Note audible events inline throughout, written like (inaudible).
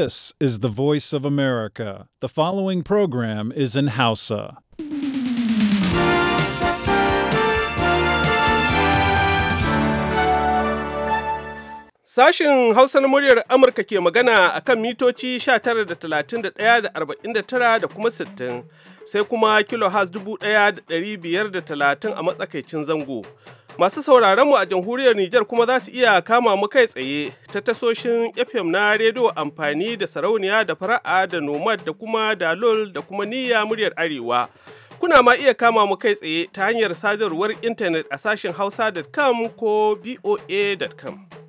This is the voice of America. The following program is in Hausa. Sashin Hausa na muryar Amurka ke magana a kan mitoci 19.31.49 da kuma 60 sai kuma kilohaz 1530 a matsakaicin zango. Masu sauraron mu a jamhuriyar Nijar kuma za su iya kama mu kai tsaye ta tasoshin FM na rediyo amfani da sarauniya da fara'a da nomad da kuma dalol da kuma niyya muryar arewa. Kuna ma iya kama mu kai tsaye ta hanyar sadarwar intanet a sashen hausa.com ko boa.com.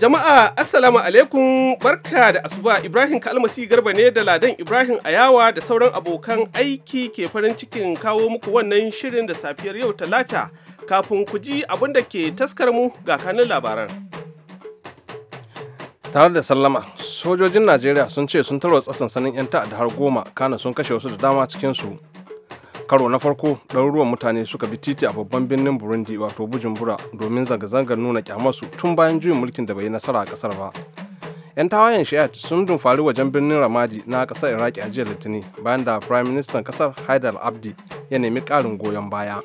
Jama'a Assalamu alaikum barka da asuba Ibrahim Kalmasi Garba ne da Ladan Ibrahim Ayawa da sauran abokan aiki ke farin cikin kawo muku wannan shirin da safiyar yau Talata kafin ku ji abin da ke taskar mu ga kanin labaran. Tare da sallama, sojojin Najeriya sun ce sun tarwatsa sansanin 'yan ta'adda har goma, kana sun kashe wasu da dama cikinsu. karo na farko ɗaruruwan mutane suka bi titi a babban birnin burundi wato bujumbura domin zanga-zangar nuna kyamarsu tun bayan juyin mulkin da bai yi nasara a kasar ba 'yan tawayen shi'at sun dumfari wajen birnin ramadi na ƙasar iraki a jiya litinin bayan da prime minister ƙasar haidar abdi ya nemi karin goyon baya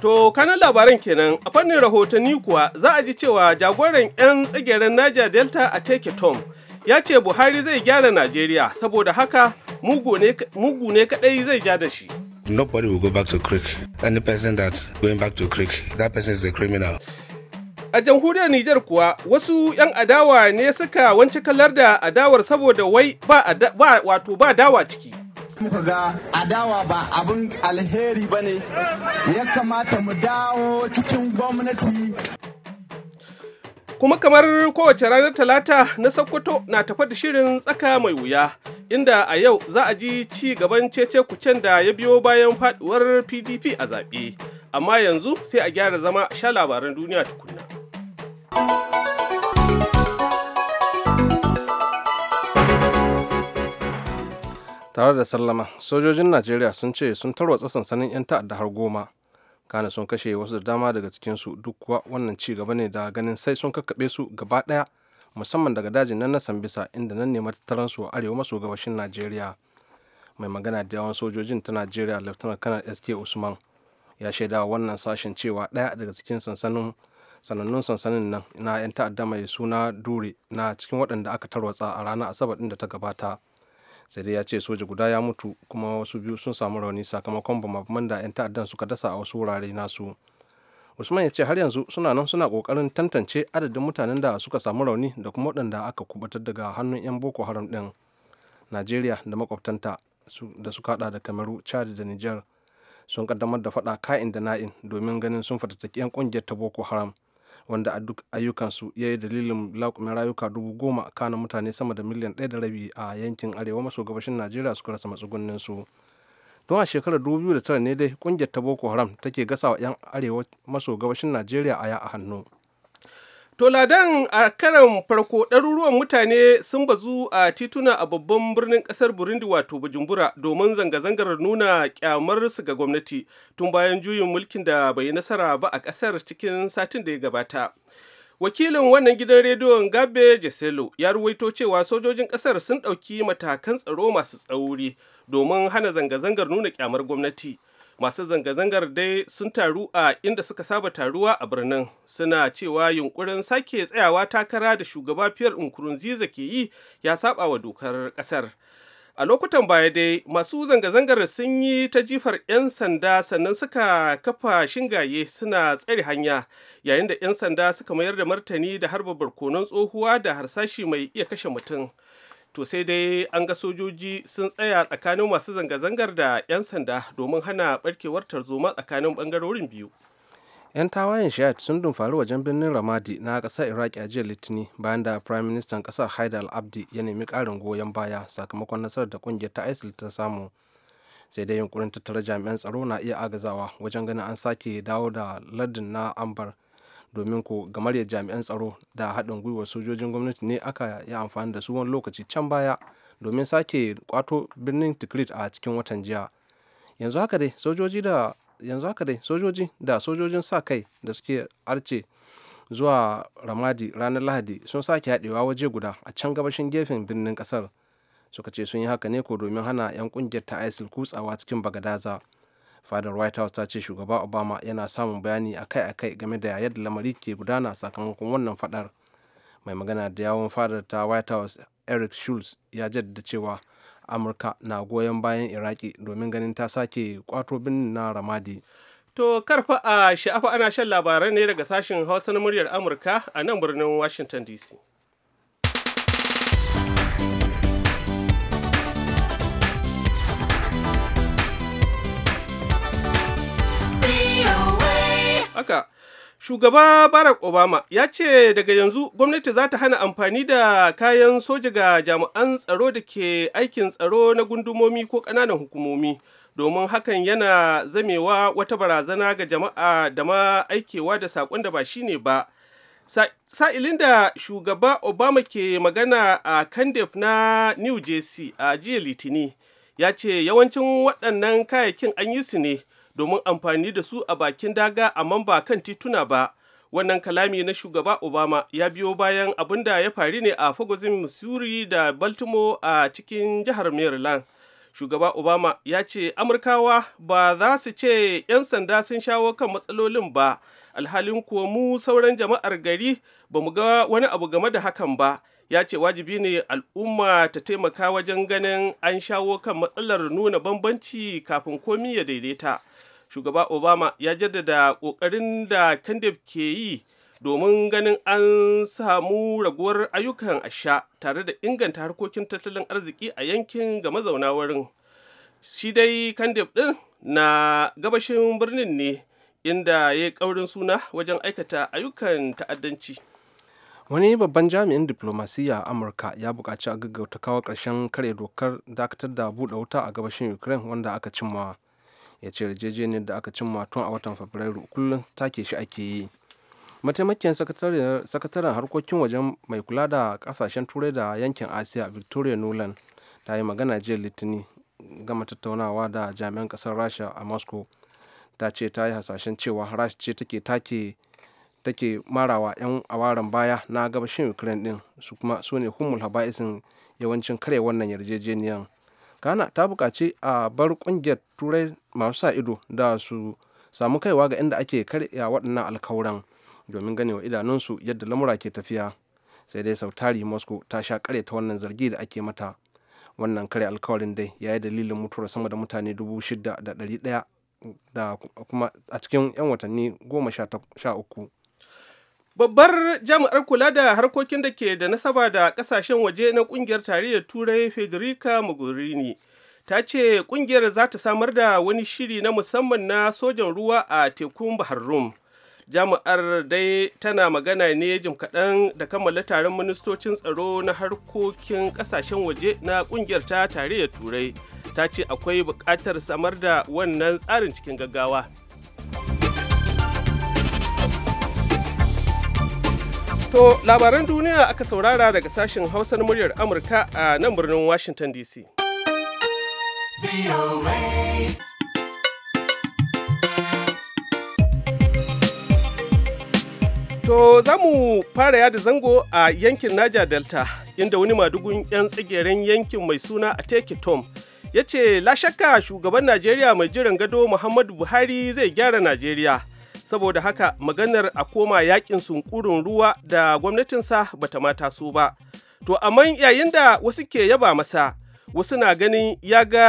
To kanan labaran kenan a fannin rahotanni kuwa za a ji cewa jagoran 'yan tsageren Niger Delta a teke Tom ya ce Buhari zai gyara Najeriya saboda haka mugu ne kadai zai ja da shi. Nobody will go back to Creek. Any person that's going back to Creek, that person is a criminal. A jamhuriyar Nijar kuwa wasu 'yan adawa ne suka wance kalar da adawar saboda wai ba wato ba dawa ciki. muka ga adawa ba abin alheri ba ne ya kamata mu dawo cikin gwamnati kuma kamar kowace ranar talata na sokoto na tafa da shirin tsaka mai wuya inda a yau za a ji ci gaban cece kucen da ya biyo bayan faduwar pdp a zaɓe amma yanzu sai a gyara zama sha labaran duniya tukuna. tare da sallama sojojin najeriya sun ce sun tarwatsa sansanin 'yan ta'adda har goma kana sun kashe wasu da dama daga cikinsu duk kuwa wannan ci gaba ne da ganin sai sun kakkaɓe su gaba ɗaya musamman daga dajin nan na sambisa inda nan ne matattaransu a arewa maso gabashin najeriya mai magana da yawan sojojin ta najeriya lieutenant colonel sk usman ya shaida wannan sashen cewa ɗaya daga cikin sansanin sanannun sansanin nan na 'yan ta'adda mai suna dure na cikin waɗanda aka tarwatsa a ranar asabar ɗin da ta gabata sai dai ya ce soja guda ya mutu kuma wasu biyu sun samu rauni sakamakon bamabaman da 'yan ta'addan suka dasa a wasu wurare nasu usman ya ce har yanzu suna nan suna kokarin tantance adadin mutanen da suka samu rauni da kuma waɗanda aka kubutar daga hannun 'yan boko haram ɗin najeriya da makwabtanta da suka hada da kamaru chad da niger sun kaddamar da faɗa ka'in da na'in domin ganin sun fatattaki 'yan ƙungiyar ta boko haram wanda a duk ayyukansu ya yi dalilin laƙumin rayuka dubu goma kana mutane sama da miliyan ɗaya da rabi a yankin arewa maso gabashin najeriya suka rasa matsugunnin su don a shekarar dubu tara ne dai kungiyar ta boko haram take gasa wa 'yan arewa maso gabashin najeriya aya a hannu To ladan a karan farko ɗaruruwan mutane sun bazu a tituna a babban birnin ƙasar Burundi wato Bujumbura domin zanga-zangar nuna kyamarsu ga gwamnati tun bayan juyin mulkin da bai nasara ba a ƙasar cikin satin da ya gabata. Wakilin wannan gidan rediyon Gabe Jeselo ya ruwaito cewa sojojin ƙasar sun ɗauki matakan tsaro masu tsauri domin hana zanga-zangar nuna kyamar gwamnati. masu zanga-zangar dai sun taru a inda suka saba taruwa a birnin suna cewa yunkurin sake tsayawa takara da shugaba fiyar nkurunziza ke yi ya saba wa dokar kasar a lokutan baya dai masu zanga-zangar sun yi ta jifar 'yan sanda sannan suka kafa shingaye suna tsare hanya yayin da 'yan sanda suka mayar da martani da harba barkonon tsohuwa da harsashi mai iya kashe mutum to sai dai an ga sojoji sun tsaya tsakanin masu zanga-zangar da 'yan sanda domin hana barkewar tarzoma tsakanin bangarorin biyu 'yan tawayen shi'at sun dumfari wajen birnin ramadi na ƙasar iraki a jiya litini bayan da prime minister ƙasar haidar al-abdi ya nemi ƙarin goyon baya sakamakon nasarar da ƙungiyar ta isil ta samu sai dai yunkurin tattara jami'an tsaro na iya agazawa wajen ganin an sake dawo da lardin na ambar domin ko gamar ya jami'an tsaro da haɗin gwiwar sojojin gwamnati ne aka yi amfani da su wani lokaci can baya domin sake kwato birnin tikrit a cikin watan jiya yanzu haka dai sojoji da sojojin sa kai da suke arce zuwa ramadi ranar lahadi sun sake haɗewa waje guda a can gabashin gefen birnin ƙasar suka ce sun yi haka ne ko domin hana 'yan ƙungiyar ta isil kutsawa cikin bagadaza fadar white house ta ce shugaba obama yana samun bayani akai-akai game da yadda lamari ke gudana sakamakon wannan fadar mai magana da yawon fadar ta white house eric schultz ya jaddada cewa amurka na goyon bayan iraki domin ganin ta sake kwato birnin na ramadi to karfa a sha'afa ana shan labarai ne daga sashen hausa na muryar amurka a nan birnin washington dc Shugaba Barack Obama ya ce daga yanzu gwamnati za ta hana amfani da kayan soja ga jami'an tsaro da ke aikin tsaro na gundumomi ko ƙananan hukumomi domin hakan yana zamewa wata barazana ga jama'a da ma aikewa da saƙon da ba shine ba. Sa'ilin da shugaba Obama ke magana a Kandef na New Jersey a jiya Litini ya ce yawancin waɗannan kayayyakin an yi su ne. domin amfani da su a bakin daga amma ba kan tituna ba wannan kalami na shugaba obama ya biyo bayan abin da ya faru ne a fagozin missouri da baltimore a cikin jihar maryland shugaba obama ya ce amurkawa ba za su ce 'yan sanda sun shawo kan matsalolin ba alhalin kuwa mu sauran jama'ar gari ba mu ga wani abu game da hakan ba ya ce wajibi ne al'umma ta taimaka wajen ganin an shawo kan matsalar nuna bambanci kafin komi ya daidaita shugaba obama ya jaddada ƙoƙarin da kandif ke yi domin ganin an samu raguwar ayyukan asha tare da inganta harkokin tattalin arziki a yankin ga mazauna wurin shi dai kandif ɗin na gabashin birnin ne inda ya yi ƙaurin suna wajen aikata ayyukan ta'addanci wani babban jami'in diplomasiyya a amurka ya buƙaci a gaggauta kawo ƙarshen kare dokar dakatar da buɗe wuta a gabashin ukraine wanda aka cimma ya ce yarjejeniyar da aka cimma tun a watan fabrairu kullum take shi ake yi mataimakiyar sakataren harkokin wajen mai kula da kasashen turai da yankin asiya victoria nolan ta yi magana jiya litinin gama tattaunawa da jami'an kasar rasha a moscow ta ce ta yi hasashen cewa rasha ce take take take marawa 'yan awaran baya na gabashin ukraine din su kuma su ne humul haba'isin yawancin kare wannan yarjejeniyar kana ta bukaci a bar ƙungiyar turai masu sa ido da su samu kaiwa ga inda ake karya waɗannan alkawuran domin ganewa idanunsu yadda lamura ke tafiya sai dai sautari moscow ta sha kare ta wannan zargi da ake mata wannan kare alkawarin dai ya yi dalilin mutuwar sama da mutane dubu shida da ɗari ɗaya da kuma a cikin 'yan watanni goma sha uku Babbar jami'ar kula da harkokin da ke da nasaba da kasashen waje na kungiyar tarayyar Turai Federica Mogherini ta ce kungiyar za ta samar da wani shiri na musamman na sojan ruwa a tekun Bahar Rum. Jami'ar dai tana magana ne jim kaɗan da kammala taron ministocin tsaro na harkokin kasashen waje na kungiyar ta tarayyar Turai. Ta ce akwai buƙatar samar da wannan tsarin cikin gaggawa. To labaran duniya aka saurara daga sashen Hausa muryar Amurka a nan birnin Washington DC. To za mu fara yada zango a yankin Naja Delta inda wani madugun 'yan tsigeren yankin mai suna a teki Tom ya ce, La shakka shugaban Najeriya mai jiran gado Muhammadu Buhari zai gyara Najeriya. saboda haka maganar a koma yakin sunkurin ruwa da gwamnatinsa bata mata so ba to amma yayin da wasu ke yaba masa wasu na ganin ya ga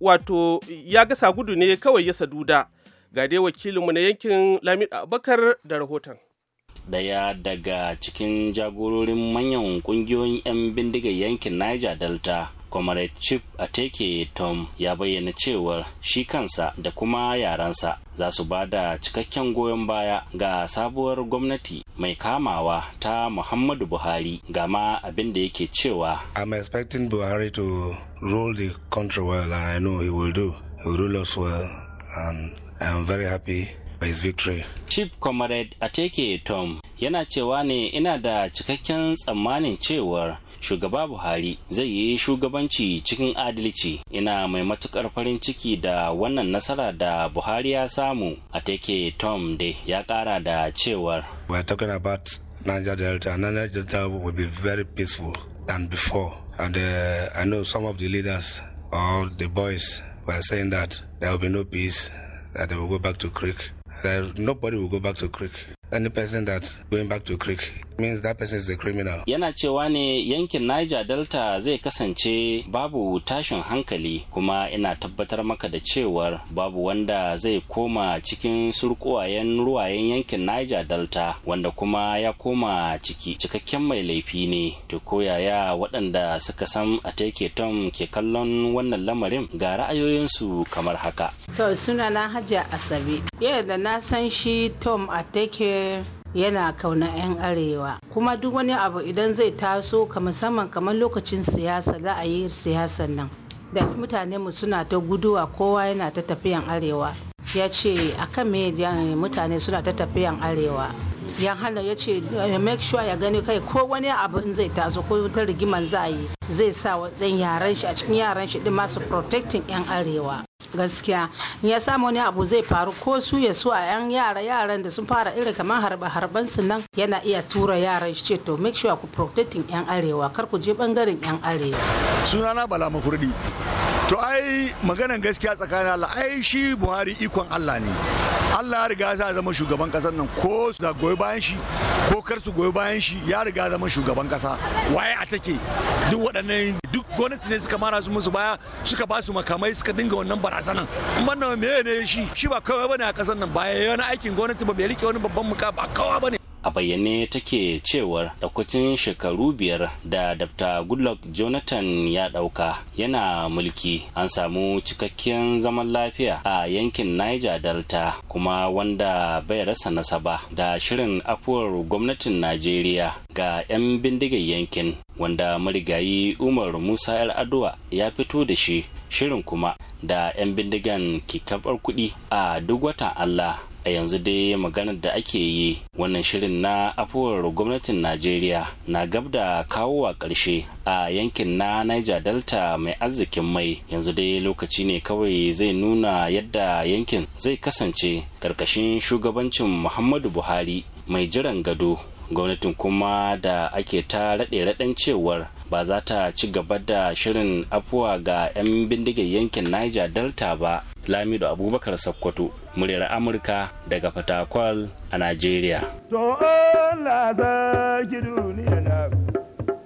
wato ya ga sagudu ne kawai ya saduda ga dai wakilinmu na yankin lamid abubakar da rahoton daya daga cikin jagororin manyan kungiyoyin 'yan bindigar yankin niger delta comrade chip ateke tom ya bayyana cewar shi kansa da kuma yaransa za su ba da cikakken goyon baya ga sabuwar gwamnati mai kamawa ta muhammadu buhari gama abin da yake cewa i'm expecting buhari to rule the country well and i know he will do he will rule us well and i'm very happy his victory chief comrade ateke tom yana cewa ne ina da cikakken tsammanin cewar shugaba buhari zai yi shugabanci cikin adalci ina mai matukar farin ciki da wannan nasara da buhari ya samu a take tom de ya kara da cewar we're talking about niger delta niger delta will be very peaceful than before and uh, i know some of the leaders or the boys were saying that there will be no peace that they will go back to creek that nobody will go back to creek any person that going back to creek means that person is a criminal. Yana cewa ne yankin Niger Delta zai kasance babu tashin hankali kuma ina tabbatar maka da cewar babu wanda zai koma cikin surkuwayen ruwayen yankin Niger Delta wanda kuma ya koma ciki cikakken mai laifi ne to koyaya waɗanda suka san a take tom ke kallon wannan lamarin ga su kamar haka. To na Hajiya Asabe. Yau da na san shi Tom a take yana kauna 'yan arewa kuma duk wani abu idan zai taso ka musamman kamar lokacin siyasa za a yi siyasa nan da mu suna ta guduwa kowa yana ta tafiyan arewa ya ce akan me mutane suna ta tafiyan arewa ya hana ya ce eh, make sure ya gani kai ko wani abin zai taso ko ta rigiman za yi zai sa wajen yaran shi a cikin yaran shi din masu protecting yan arewa gaskiya ya samu wani abu zai faru ko su ya su a yan yara yaran da sun fara irin kamar harba harban su nan yana iya tura yaran shi ce to make sure ku protecting yan arewa kar ku je bangaren yan arewa sunana bala makurdi to ai maganan gaskiya tsakanin Allah ai shi Buhari ikon Allah ne Allah ya riga ya zama shugaban kasar nan ko su goyi bayan shi ko kar su goyi bayan shi ya riga zama shugaban kasa waye a take duk waɗannan duk gwamnati ne suka mara su musu baya suka ba su makamai suka dinga wannan barazanan wannan me ne shi shi ba kawai bane a kasar nan ba yana aikin gwamnati ba bai rike wani babban muka ba kawai bane a bayyane take cewar ɗaukacin shekaru biyar da dr goodluck jonathan ya ɗauka yana mulki an samu cikakken zaman lafiya a yankin niger delta kuma wanda bai rasa nasaba da shirin afuwar gwamnatin najeriya ga 'yan bindigar yankin wanda marigayi umar musa yar ya fito da shi shirin kuma da 'yan bindigan kikabar kuɗi a duk watan allah a yanzu dai maganar da ake yi wannan shirin na afuwar gwamnatin najeriya na gab da kawowa ƙarshe a yankin na niger delta mai arzikin mai yanzu dai lokaci ne kawai zai nuna yadda yankin zai kasance ƙarƙashin shugabancin muhammadu buhari mai jiran gado gwamnatin kuma da ake ta raɗe-raɗen cewar ba za ta ci gaba da shirin afuwa ga 'yan bindigar yankin niger delta ba lamido abubakar sakkwato muryar amurka daga fatakwal a nigeria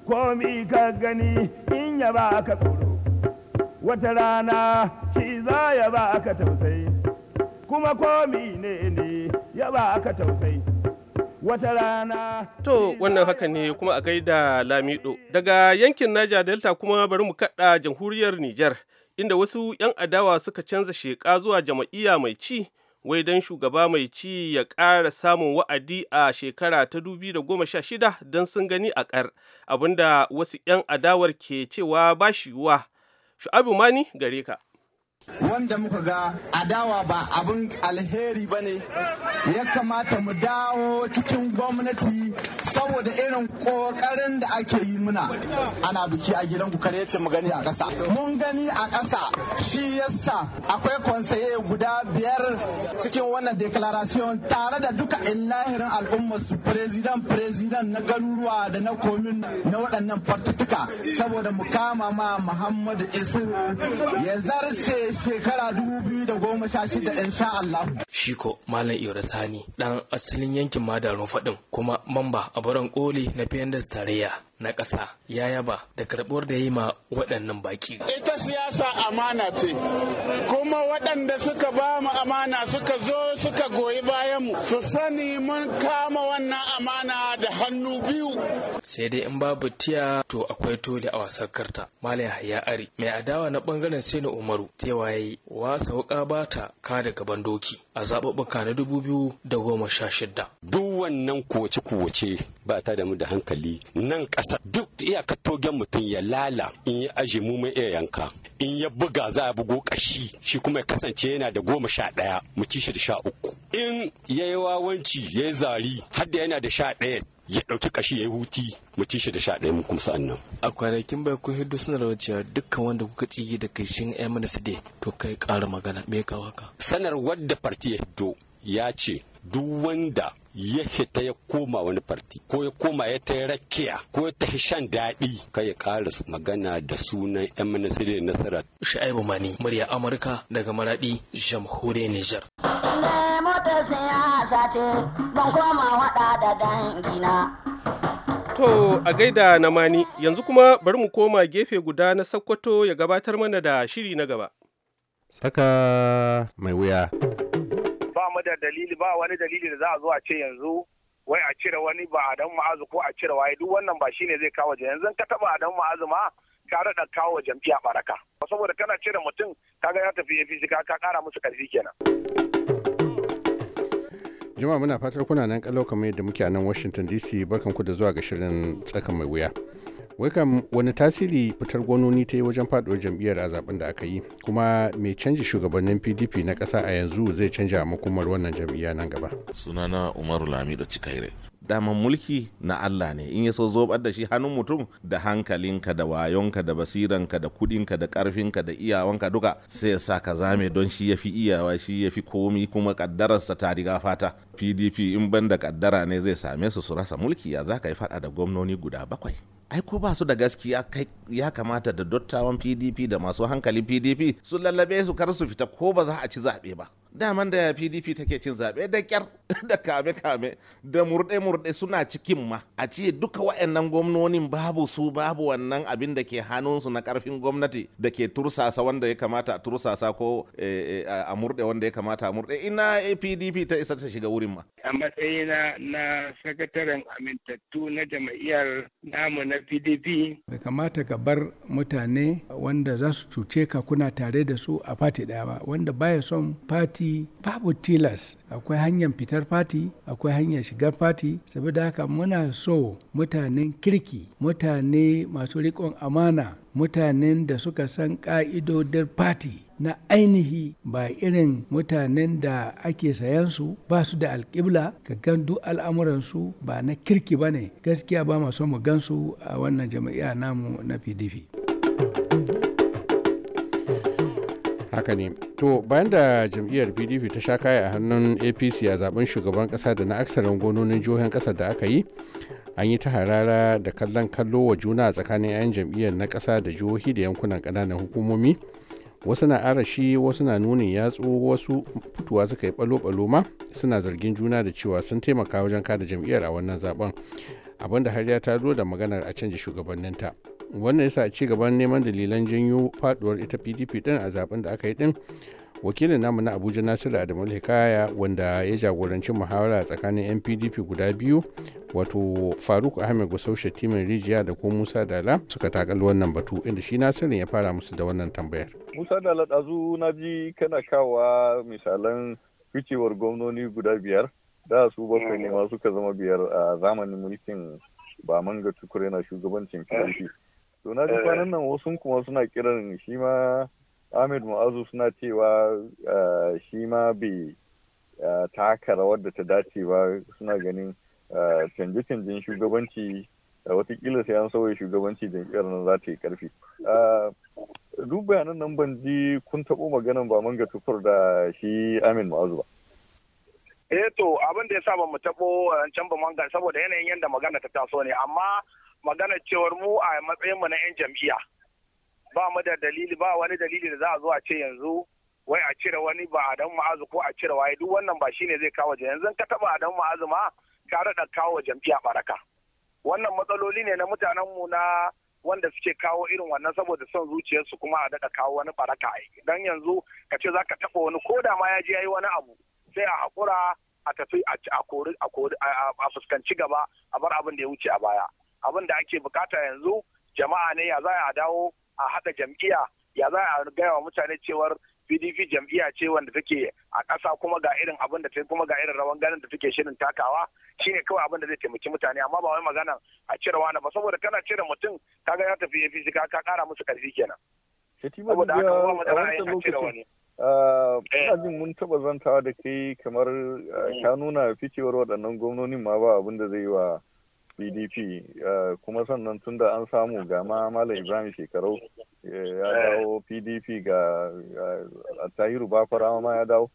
komi in ya ba tsoro wata rana shi za ya ba aka tausayi kuma komi ne ne ya ba aka tausayi wata rana. To wannan haka ne kuma a gaida Lamido. Daga yankin Niger Delta kuma bari mu kaɗa jamhuriyar Nijar inda wasu 'yan adawa suka canza sheƙa zuwa jama'iyya mai ci wai don shugaba mai ci ya ƙara samun wa'adi a shekara ta da goma sha shida don sun gani a ƙar abinda wasu 'yan adawar ke cewa ba shi yiwuwa. Shu'abu Mani gare ka. wanda muka ga adawa ba abin alheri ba ne ya kamata mu dawo cikin gwamnati saboda irin kokarin da ake yi muna ana biki a gidan ku kare ce mu gani a ƙasa mun gani a ƙasa shi yasa akwai konsaye guda biyar cikin wannan declaration tare da duka illahirin al'ummar su president president na garuruwa da na komin na waɗannan fartutuka saboda mu kama ma muhammadu isu ya zarce shekara dubu biyu da goma in insha Allah. Shi ko Malam Iro Sani ɗan asalin yankin Madarun faɗin kuma mamba a baron koli na PNDS tarayya na ƙasa ya yaba da karɓuwar da yi ma waɗannan baƙi. Ita siyasa amana ce, kuma waɗanda suka ba mu amana suka zo suka goyi bayan mu su sani mun kama wannan amana da hannu biyu. Sai dai in babu tiya to akwai tole a wasan karta. Malam yahya Ari mai adawa na ɓangaren Sani Umaru cewa Waye wa wasa wuka ba ta da gaban doki a zaɓuɓɓuka na dubu biyu da goma sha shida. Duk wannan kuwace kuwace ba ta da mu da hankali nan ƙasa duk iyakar togen mutum ya lala in ya aje mu mai iya yanka in ya buga za a bugo ƙashi shi kuma ya kasance yana da goma sha ɗaya mu ci shi da sha uku in ya yi wawanci ya yi zari har yana da sha ɗaya ya ɗauki ƙashi ya yi huti mu ci shi da sha ɗaya mu kuma sa'an nan. a kwanakin bai ku hiddu suna da dukkan wanda kuka tsigi da kashin MNSD to kai ƙara magana me ka waka. sanarwar da farti ya hiddo ya ce duk wanda ya hita ya koma wani farti ko ya koma ya ta rakiya ko ya ta shan daɗi ka ya ƙara magana da sunan yan ministry nasara Shu'aibu mani murya amurka daga maraɗi jamhuriyar nijar. ya koma To a gaida na mani yanzu kuma bari mu koma gefe guda na Sakkwato ya gabatar mana da shiri na gaba. Saka mai wuya. Ba mu da dalili ba wani dalili da za a zo a ce yanzu wai a cire wani ba Adamu Ma'azu ko a cire waye duk wannan ba shi ne zai kawo jami'a yanzu ka taba Adamu Ma'azu ma ka rada kawo jam'iyya baraka saboda kana cire mutum kaga ya tafi APC ka ka kara musu karfi kenan. juma muna fatar kuna nan kalau kamar yadda muke a nan washington dc barkanku da zuwa ga shirin tsaka mai wuya wai kam wani tasiri fitar gwanoni ta yi wajen faɗuwar jam'iyyar a zaben da aka yi kuma mai canji shugabannin pdp na ƙasa a yanzu zai canja makomar wannan jam'iyya nan gaba sunana umaru lamido cikaire daman mulki na Allah ne in ya so zobar da shi hannun mutum da hankalinka da wayonka da basiranka da kudinka da karfinka da iyawanka duka sai ya sa ka zame don shi ya fi iyawa shi ya fi komi kuma kaddararsa ta riga fata PDP in ban da kaddara ne zai same su su rasa mulki ya za ka yi fada da gwamnoni guda bakwai ai ko ba su da gaskiya kai ya kamata da dattawan pdp da masu hankali pdp su lallabe su kar su fita ko ba za a ci zaɓe ba daman da pdp take cin zaɓe da kyar (laughs) da kame kame da murɗe murɗe suna cikin ma a ce duka wa'annan gwamnonin babu su babu wannan abin da ke hannunsu na karfin gwamnati da ke tursasa wanda ya kamata a tursasa ko eh, eh, a murɗe wanda ya kamata a murɗe ina pdp eh, ta isa ta shiga wurin ma a matsayina na sakataren amintattu na jam'iyyar namu na na pdp bai kamata ka bar mutane wanda za su cuce ka kuna tare da su a fati daya ba wanda baya son fati babu tilas akwai hanyar fitar fati akwai hanyar shigar fati saboda haka muna so mutanen kirki mutane masu riƙon amana mutanen da suka san ka'idodin fati na ainihi ba irin mutanen da ake sayansu ba su da alƙibla ka gan duk al'amuransu ba na kirki ba ne gaskiya ba masu mu gansu a wannan jama'iya namu na pdp haka ne to bayan da jam'iyyar pdp ta sha kaya a hannun apc a zaben shugaban kasa da na aksarin gononin jihohin kasa da aka yi an yi ta harara da kallon kallo wa juna a tsakanin 'yan jam'iyyar na ƙasa da jihohi da yankunan ƙananan hukumomi wasu na arashi wasu na nunin yatsu wasu fituwa suka yi ɓalo-ɓalo ma suna zargin juna da cewa sun taimaka wajen kada jam'iyyar a wannan zaben da har ya taro da maganar a canja shugabanninta wannan yasa ci gaban neman dalilan janyo faduwar ita pdp din a zaben da aka yi din wakilin namu na abuja nasiru adamu hikaya wanda ya jagoranci muhawara tsakanin npdp guda biyu wato faruk ahmed gusau shatimin rijiya da ko musa dala suka takalli wannan batu inda shi nasirin ya fara musu da wannan tambayar musa dala ɗazu na ji kana kawa misalan ficewar gwamnoni guda biyar da su bakwai ne ma suka zama biyar a zamanin mulkin ba manga tukure na shugabancin pdp to na ji kwanan nan wasu kuma suna kiran shi ma Ahmed Mu'azu suna cewa eh, shi ma bai eh, taka rawar da ta dace ba suna ganin eh, canje-canjen shugabanci watakila sai an sauya shugabanci jam'iyyar nan za ta yi karfi. Duk bayanan nan ban ji kun taɓo maganan ba manga tukur da shi Amin Ma'azu ba. Eh to abin da ya sa ba mu taɓo can ba manga saboda yanayin yadda magana ta taso ne amma magana cewar mu a matsayin mu na 'yan jam'iyya ba mu da dalili ba wani dalili da za a zo a ce yanzu wai a cire wani ba Ma'azu ko a cire waye duk wannan ba shine zai kawo yanzu ka taba adan Ma'azu ma ka rada kawo jam'iyya baraka wannan matsaloli ne na mutanen mu na wanda suke kawo irin wannan saboda son zuciyarsu kuma a daɗa kawo wani baraka dan yanzu ka ce za ka taɓa wani ko da ma ya je yi wani abu sai a haƙura a tafi a fuskanci gaba a bar abin da ya wuce a baya abin da ake bukata yanzu jama'a ne ya za a dawo a haɗa jam'iyya ya za a gaya wa mutane cewar pdp jam'iyya ce wanda take a ƙasa kuma ga irin abin da ta kuma ga irin rawan ganin da take shirin takawa shine kawai abin da zai taimaki mutane amma ba wai magana a cire wani ba saboda kana cire mutum ga ya tafi ya fi ka ƙara musu ƙarfi kenan saboda aka ba mu a cire wani ah, eh. ina jin mun taɓa zantawa da kai kamar ah, ka mm. nuna ficewar waɗannan gwamnonin ma ba abin da zai yi wa pdp eh, kuma sannan tun da an samu ga ma malam ibrahim shekarau eh, ya eh. dawo pdp ga tahiru bafarawa ma ya dawo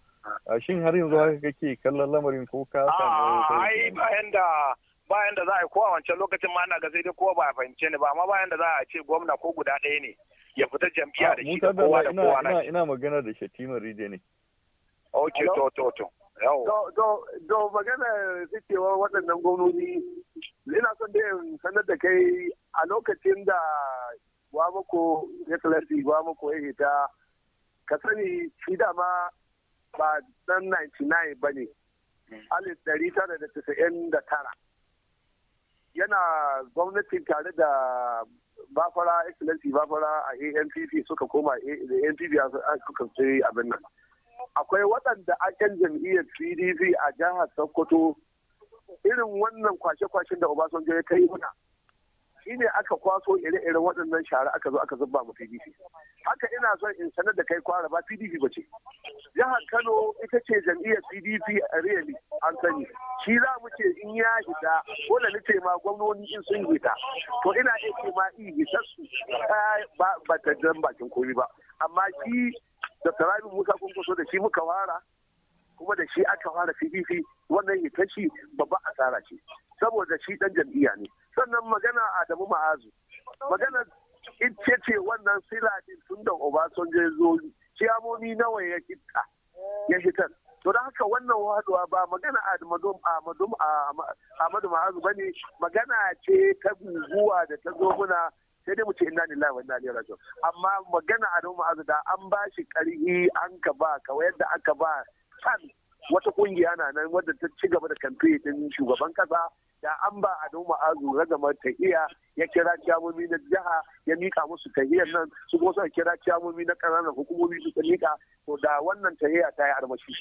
ah, shin har yanzu haka kake kallon lamarin ko ka ah, ai bayan da bayan da za a yi kowa wancan lokacin ma na ga sai dai kowa ba a fahimce ni ba amma bayan da za a ce gwamna ko guda ɗaya ne ya fita jam'iyya ah, da shi da kowa da kowa na ina magana da shatima ride ne okay to to to To magana ta cewa waɗannan gwamnoni ina son da sanar da kai a lokacin da Wamako ya kalasi Wamako ya hita ka sani shi dama ba dan 99 ba ne ɗari tara da da tara yana gwamnatin tare da bafara excellency bafara a ANPP suka koma da ANPP suka ce abin nan akwai waɗanda a yan jam'iyyar pdp a jihar sokoto irin wannan kwashe-kwashen da obasanjo ya kai muna shi ne aka kwaso ire ire waɗannan shara aka zo aka zubba ma pdp haka ina son in sanar da kai kwara ba pdp ba ce jihar kano ita ce jam'iyyar pdp a really an sani shi za mu ce in ya hita ko da nace ma gwamnoni in sun hita to ina iya ce ma i hitar su ba ta jan bakin komi ba amma shi da rabi musa so da shi muka wara, kuma da shi aka fara pdp wannan ya shi babba asara ce saboda shi dan jam'iyya ne sannan magana adamu ma'azu magana ita ce wannan siladin tun da obasanjo zo ciyamomi nawa ya kitta ya hitar to da haka wannan haduwa ba magana Ahmadu Ahmadu Ahmadu Ma'azu bane magana ce ta guguwa da ta zo muna sai dai mu ce inna lillahi wa inna ilaihi raji'un amma magana a nan ma'azu da an ba shi karhi an ka ba ka yadda aka ba can wata kungiya na nan wadda ta ci gaba da kamfe din shugaban kasa da an ba a nan azu ragamar ta iya ya kira ciyamomi na jiha ya mika musu tahiyar nan su kuma suka kira ciyamomi na ƙananan hukumomi su mika to da wannan tahiya ta yi armashi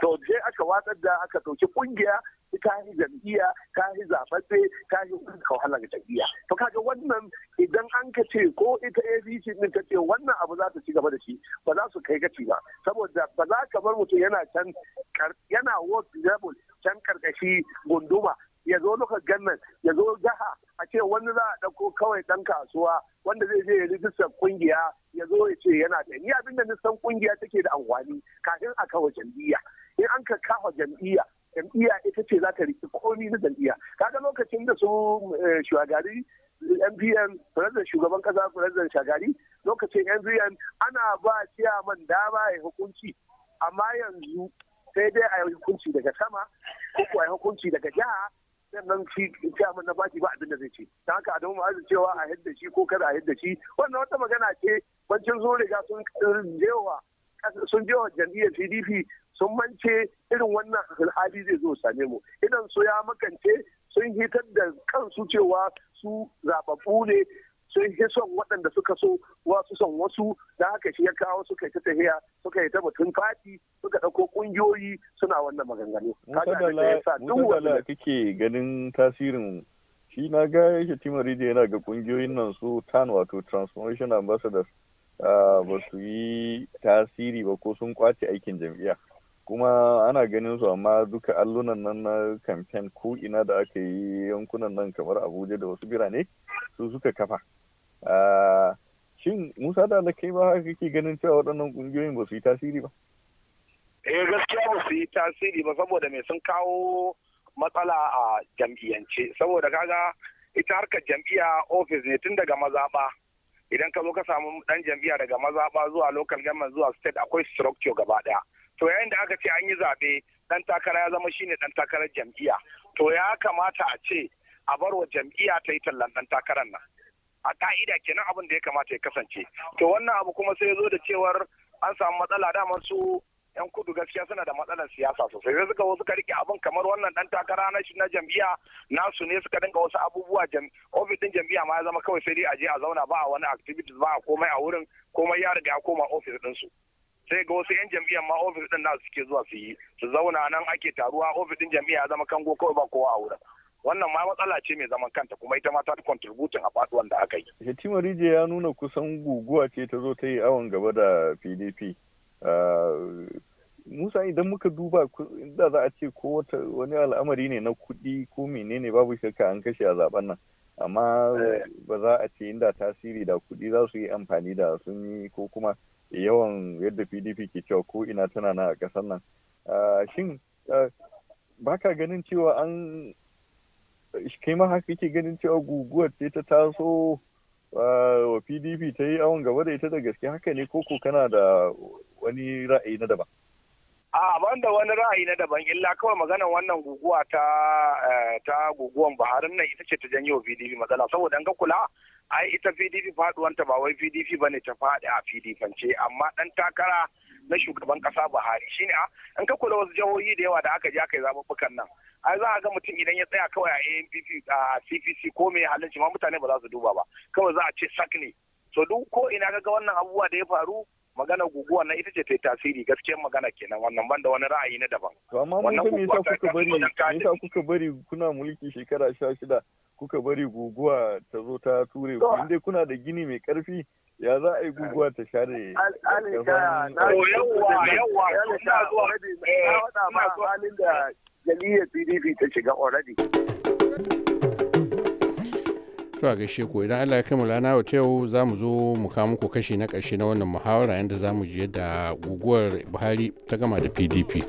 to dai aka watsar da aka ɗauki ƙungiya ka yi jam'iyya ka yi zaɓaɓɓe ka yi kawalar jam'iyya to kaga wannan idan an ka ce ko ita abc din ta ce wannan abu za ta ci gaba da shi ba za su kai gaci ba saboda ba za ka bar mutum yana can yana world level can karkashi gunduma ya zo lokal gannan ya zo jaha a ce wani za a ɗauko kawai ɗan kasuwa wanda zai je ya rijistar kungiya ya zo ya ce yana da ni abin da san kungiya take da amfani kafin a kawo jam'iyya in an ka kawo jam'iyya jam'iyya ita ce za ta riƙi komi na jam'iyya kaga lokacin da su eh, shugabari NPN shugaban kasa president shagari lokacin NPN ana ba ciyaman dama ya hukunci amma yanzu sai dai a yi hukunci daga sama ko a yi hukunci daga jiha nan shi chairman na baki ba abin da zai ce ta haka Adamu Ma'azu cewa a yadda shi ko kada a yadda shi wannan wata magana ce bancin zo riga sun jewa sun jewa jam'iyyar PDP sun mance irin wannan hali zai zo same mu idan su ya makance sun hitar da kansu cewa su zababbu ne sun fi son waɗanda suka so wasu son wasu da haka shi ya kawo suka yi ta tahiya suka yi ta batun fati suka ɗauko ƙungiyoyi suna wannan maganganu. Mutadala kake ganin tasirin shi na ga Shatima yana ga ƙungiyoyin nan su TAN wato Transformation Ambassadors ba su yi tasiri ba ko sun kwace aikin jam'iyya. kuma ana ganin su amma duka allunan nan na kamfen ko ina da aka yi yankunan nan kamar abuja da wasu birane su suka kafa Ah, shin musa da kai ba haka kake ganin cewa waɗannan ƙungiyoyin ba su yi tasiri ba eh gaskiya ba su yi tasiri ba saboda mai sun kawo matsala a jam'iyyance saboda kaga ita harkar jam'iyya ofis ne tun daga mazaɓa idan ka zo ka samu dan jam'iya daga mazaɓa zuwa local government zuwa state akwai structure gaba ɗaya to yayin da aka ce an yi zaɓe dan takara ya zama shine dan takarar jam'iyya to ya kamata a ce a bar wa jam'iyya ta yi tallan dan takarar nan a ka'ida kenan abin da ya kamata ya kasance to wannan abu kuma sai ya zo da cewar an samu matsala da su yan kudu gaskiya suna da matsalar siyasa sosai sai suka wasu rike abin kamar wannan dan takara na shi na jam'iyya nasu ne suka dinga wasu abubuwa ofis din jam'iyya ma ya zama kawai sai dai a je a zauna ba a wani activities ba a komai a wurin komai ya riga koma ofis din su sai ga wasu yan jam'iyyar ma ofis din nasu suke zuwa su yi su zauna nan ake taruwa ofis din jam'iyya ya zama kango kawai ba kowa a wurin wannan ma matsala ce mai zaman kanta kuma ita ma ta contributing a faduwan da aka yi. Hetima Rije ya nuna kusan guguwa ce ta zo ta yi awon gaba da PDP. Ah, Musa idan muka duba da za a ce ko wani al'amari ne na kuɗi ko menene babu shakka an kashe a zaben nan. Amma ba za a ce inda tasiri da kuɗi za su yi amfani da sun yi ko kuma yawan yadda PDP ke cewa ko ina tana na a ƙasar nan. Ah, shin ah, baka ganin cewa an kai ma haka yake ganin cewa guguwar ce ta taso wa pdp ta yi awon gaba da ita da gaske haka ne koko kana da wani ra'ayi na daban a ban da wani ra'ayi na daban illa kawai maganar wannan guguwa ta ta guguwan baharin nan ita ce ta janyo pdp matsala saboda ga kula ai ita pdp faduwanta ba wai pdp bane ta fadi a pdp fance amma dan takara na shugaban kasa Buhari shine a in ka kula wasu jihohi da yawa da aka je aka yi zaɓuɓɓukan nan ai za a ga mutum idan ya tsaya kawai a ANPP a CPC ko me halin ma mutane ba za su duba ba kawai za a ce sak ne so duk ko ina ga wannan abubuwa da ya faru magana guguwa na ita ce ta yi tasiri gaskiyar magana kenan wannan banda wani ra'ayi na daban. To amma mun ga me yasa kuka bari kuna mulki shekara shida kuka bari guguwa ta zo ta ture ku inda kuna da gini mai karfi ya za a yi guguwa ta share to a gaishe ko idan Allah ya kai kammala wata yau za mu zo mu kawo muku kashi na ƙarshe na wannan muhawara yadda za mu je da guguwar Buhari ta gama da PDP.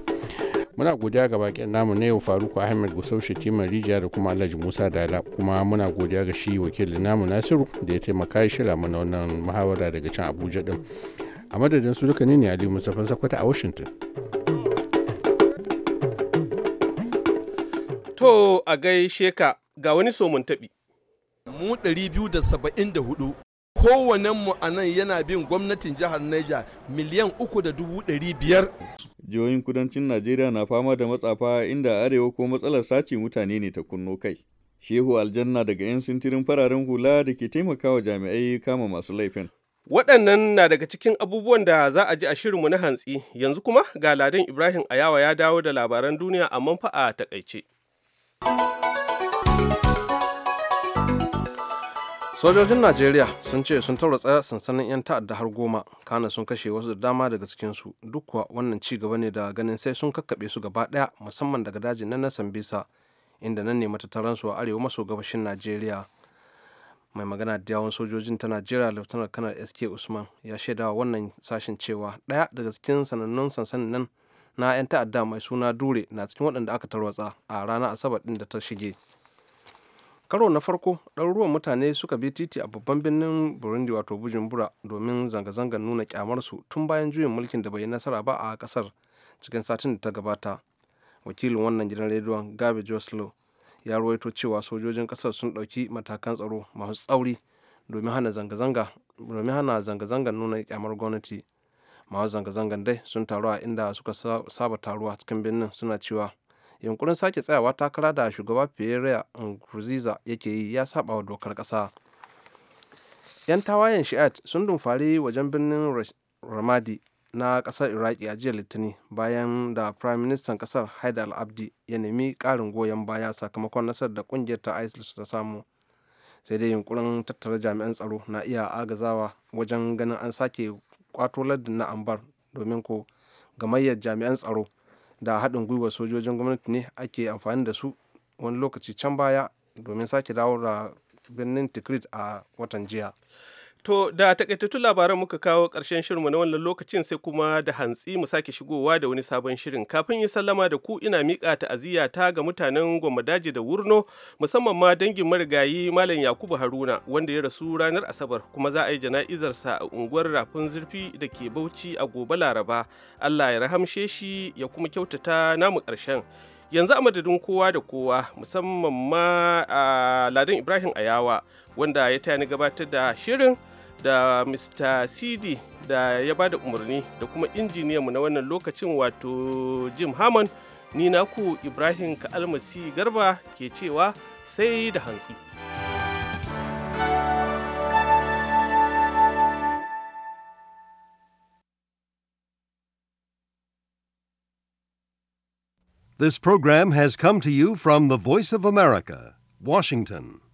muna godiya ga bakin namu na yau faruku ahmed gusau shetima rijiya da kuma alhaji musa dala kuma muna godiya ga shi wakilin namu nasiru da ya taimaka ya shirya mana wannan muhawara daga can abuja din a madadin su duka ne aliyu musafan sakwata a washington to a gaishe ka ga wani somun taɓi mu 274 kowanenmu a nan yana bin gwamnatin jihar Niger miliyan uku da dubu ɗari biyar. Jihohin kudancin Najeriya na fama da matsafa inda arewa ko matsalar sace mutane ne ta kunno kai. Shehu Aljanna daga 'yan sintirin fararen hula da ke taimakawa jami'ai kama masu laifin. Waɗannan na daga cikin abubuwan da za a ji a shirinmu na hantsi, yanzu kuma ga Ladan Ibrahim Ayawa ya dawo da labaran duniya a fa a takaice. sojojin najeriya sun ce sun taura sansanin 'yan ta'adda har goma kana sun kashe wasu da dama daga cikinsu duk kuwa wannan ci gaba ne da ganin sai sun kakkaɓe su gaba ɗaya musamman daga dajin na na bisa inda nan ne matattaransu a arewa maso gabashin najeriya mai magana da yawon sojojin ta najeriya lieutenant kanar sk usman ya shaidawa wannan sashen cewa ɗaya daga cikin sanannun sansanin nan na 'yan ta'adda mai suna dure na cikin waɗanda aka tarwatsa a ranar asabar ɗin da ta shige karo na farko ɗaruruwan mutane suka bi titi a babban birnin burundi wato bujumbura domin zanga-zangar nuna kyamarsu tun bayan juyin mulkin da bai yi nasara ba a kasar cikin satin da ta gabata wakilin wannan gidan rediyon gabe joslo ya ruwaito cewa sojojin kasar sun ɗauki matakan tsaro masu tsauri domin hana zanga-zanga zangar nuna kyamar gwamnati masu zanga-zangar dai sun taru a inda suka saba taruwa cikin birnin suna cewa yunkurin sake tsayawa takara da shugaba pierre nkurunziza yake yi ya saba wa dokar ƙasa yan tawayen shi'at sun dumfari wajen birnin ramadi na kasar iraki a jiya litinin bayan da prime minister ƙasar haidar al-abdi ya nemi ƙarin goyon baya sakamakon nasarar da ƙungiyar ta su ta samu sai dai yunkurin tattara jami'an tsaro na iya agazawa wajen ganin an sake kwato lardin na ambar domin ko gamayyar jami'an tsaro da haɗin gwiwar sojojin gwamnati ne ake amfani da su wani lokaci can baya domin sake dawo da birnin tikrit a watan jiya To da takaitattun labaran muka kawo ƙarshen shirinmu na wannan lokacin sai kuma da hantsi mu sake shigowa da wani sabon shirin. Kafin yi sallama da ku ina miƙa ta'aziyya ta ga mutanen Gwamadaji da Wurno musamman ma dangin marigayi Malam Yakubu Haruna wanda ya rasu ranar Asabar kuma za a yi jana'izarsa a unguwar Rafin Zurfi da ke Bauchi a gobe Laraba. Allah ya rahamshe shi ya kuma kyautata namu ƙarshen. yanzu a madadin kowa da kowa musamman ma a ah, ladan ibrahim ayawa wanda ya tayani gabatar da shirin da mr sidi da ya ba da umarni da kuma mu na wannan lokacin wato jim hammond ni naku ibrahim ka'almasi garba ke cewa sai da hantsi. This program has come to you from the Voice of America, Washington.